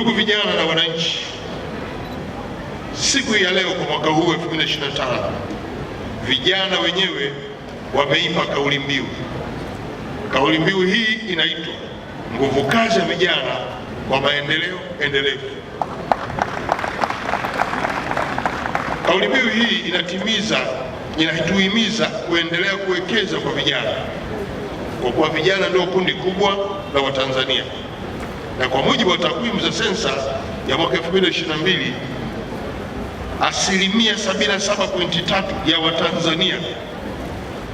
Ndugu vijana na wananchi, siku ya leo kwa mwaka huu 2025 vijana wenyewe wameipa kauli mbiu. Kauli mbiu hii inaitwa nguvu kazi ya vijana kwa maendeleo endelevu. Kauli mbiu hii inatimiza inatuhimiza kuendelea kuwekeza kwa vijana, kwa kuwa vijana ndio kundi kubwa la Watanzania na kwa mujibu wa takwimu za sensa ya mwaka 2022 asilimia 77.3 ya Watanzania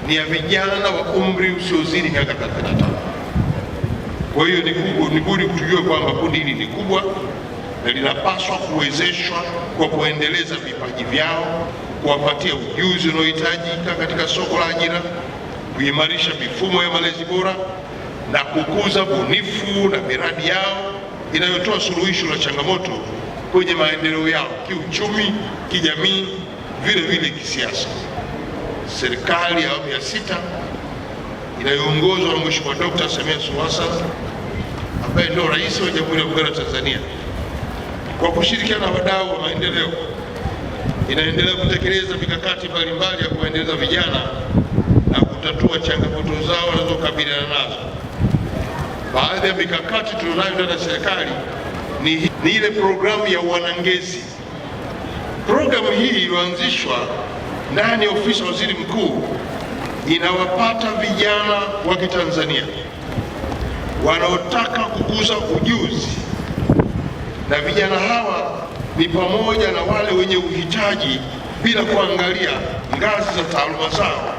ni ya vijana wa umri usiozidi miaka 35. Kwa hiyo ni budi kutujue kwamba kundi hili ni kubwa na linapaswa kuwezeshwa kwa kuendeleza vipaji vyao, kuwapatia ujuzi unaohitajika katika soko la ajira, kuimarisha mifumo ya malezi bora na kukuza bunifu na miradi yao inayotoa suluhisho la changamoto kwenye maendeleo yao kiuchumi, kijamii, vile vile kisiasa. Serikali ya awamu ya sita inayoongozwa na Mheshimiwa Dkt. Samia Suluhu Hassan ambaye ndio rais wa Jamhuri ya Muungano wa Tanzania, kwa kushirikiana na wadau wa maendeleo inaendelea kutekeleza mikakati mbalimbali ya kuwaendeleza vijana na kutatua changamoto zao wanazokabiliana nazo. Baadhi ya mikakati tulionayo ndani ya serikali ni, ni ile programu ya Wanangezi. Programu hii iliyoanzishwa ndani ya ofisi ya waziri mkuu inawapata vijana wa Kitanzania wanaotaka kukuza ujuzi, na vijana hawa ni pamoja na wale wenye uhitaji bila kuangalia ngazi za taaluma zao,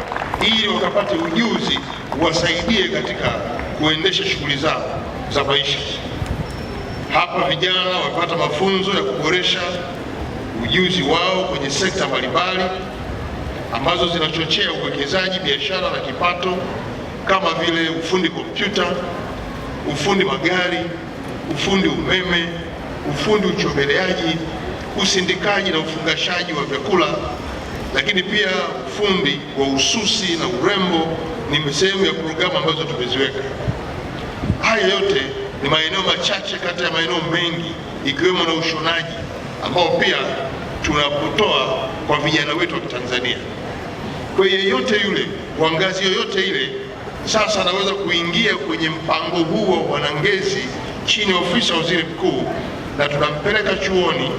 ili wakapate ujuzi wasaidie katika kuendesha shughuli zao za maisha. Hapa vijana wamepata mafunzo ya kuboresha ujuzi wao kwenye sekta mbalimbali ambazo zinachochea uwekezaji, biashara na kipato kama vile ufundi kompyuta, ufundi magari, ufundi umeme, ufundi uchomeleaji, usindikaji na ufungashaji wa vyakula, lakini pia ufundi wa ususi na urembo ni sehemu ya programu ambazo tumeziweka. Haya yote ni maeneo machache kati ya maeneo mengi, ikiwemo na ushonaji ambao pia tunakutoa kwa vijana wetu wa Kitanzania. Kwa yeyote yule kwa ngazi yoyote ile, sasa anaweza kuingia kwenye mpango huo wa wanangezi chini ya ofisi ya waziri mkuu, na tunampeleka chuoni,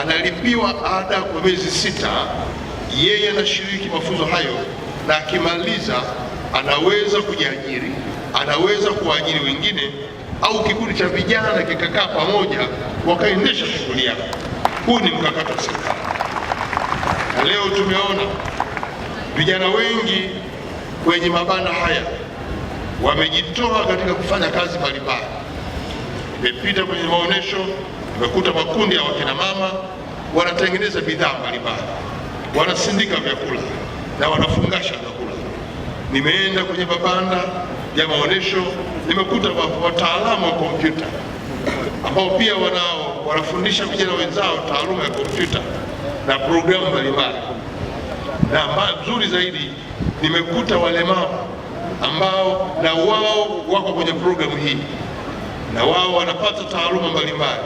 analipiwa ada kwa miezi sita, yeye anashiriki mafunzo hayo na akimaliza anaweza kujiajiri, anaweza kuwaajiri wengine, au kikundi cha vijana kikakaa pamoja wakaendesha shughuli yao. Huu ni mkakati wa serikali, na leo tumeona vijana wengi kwenye mabanda haya wamejitoa katika kufanya kazi mbalimbali. Nimepita kwenye maonyesho, nimekuta makundi ya wakina mama wanatengeneza bidhaa mbalimbali, wanasindika vyakula na wanafungasha vyakula Nimeenda kwenye mabanda ya maonyesho, nimekuta wataalamu wa kompyuta ambao pia wanao wanafundisha vijana wenzao taaluma ya kompyuta na programu mbalimbali, na nzuri zaidi nimekuta walemavu ambao na wao wako kwenye programu hii na wao wanapata taaluma mbalimbali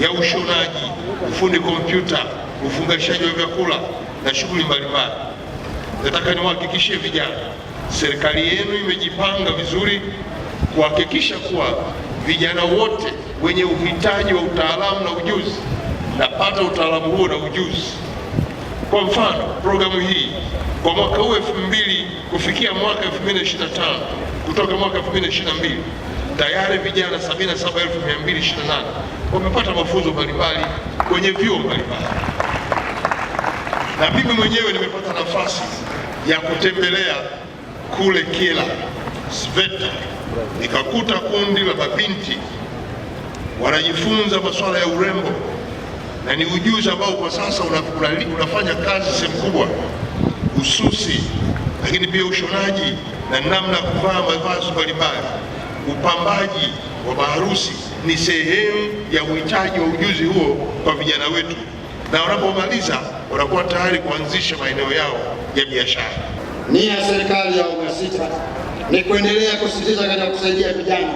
ya ushonaji, ufundi kompyuta, ufungashaji wa vyakula na shughuli mbalimbali. Nataka niwahakikishie vijana serikali yenu imejipanga vizuri kuhakikisha kuwa vijana wote wenye uhitaji wa utaalamu na ujuzi napata utaalamu huo na ujuzi. Kwa mfano, programu hii kwa mwaka huu elfu mbili kufikia mwaka 2025 kutoka mwaka 2022 tayari vijana 77228 wamepata mafunzo mbalimbali kwenye vyuo mbalimbali, na mimi mwenyewe nimepata nafasi ya kutembelea kule Kiela Sveta, nikakuta kundi la mabinti wanajifunza masuala ya urembo, na ni ujuzi ambao kwa sasa unafanya kazi sehemu kubwa, ususi, lakini pia ushonaji na namna ya kuvaa mavazi mbalimbali, upambaji wa maharusi ni sehemu ya uhitaji wa ujuzi huo kwa vijana wetu, na wanapomaliza wanakuwa tayari kuanzisha maeneo yao ya biashara. Nia ya serikali ya awamu ya sita ni kuendelea kusisitiza katika kusaidia vijana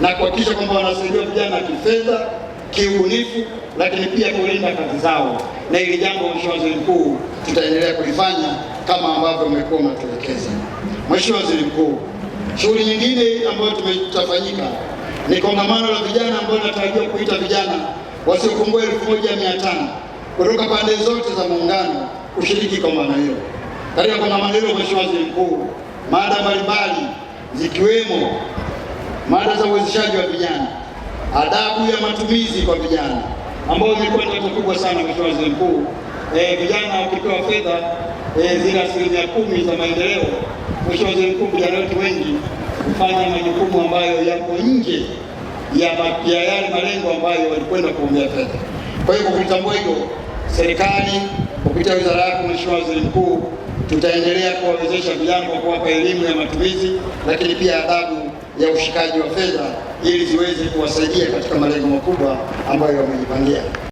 na kuhakikisha kwamba wanasaidia vijana kifedha, kiubunifu, lakini pia kulinda kazi zao, na hili jambo Mheshimiwa Waziri Mkuu, tutaendelea kulifanya kama ambavyo umekuwa unatuelekeza Mheshimiwa Waziri Mkuu. Shughuli nyingine ambayo tumetafanyika ni kongamano la vijana ambayo inatarajiwa kuita vijana wasiopungua elfu moja mia tano kutoka pande zote za muungano kushiriki kongamano hilo. Katika kongamano hilo, Mheshimiwa Waziri Mkuu, mada mbalimbali zikiwemo mada za uwezeshaji wa vijana, adabu ya matumizi kwa vijana, ambayo imekuwa tatizo kubwa sana, Mheshimiwa Waziri Mkuu. E, vijana wakipewa fedha e, zile asilimia kumi za maendeleo, Mheshimiwa Waziri Mkuu, vijana wetu wengi kufanya majukumu ambayo yapo nje ya yale malengo ambayo walikwenda kuombea fedha. Kwa hiyo kwa kutambua hilo, serikali kupitia wizara yako Mheshimiwa Waziri Mkuu, tutaendelea kuwawezesha vijana kwa kuwapa elimu ya matumizi, lakini pia adhabu ya ushikaji wa fedha ili ziweze kuwasaidia katika malengo makubwa ambayo wamejipangia.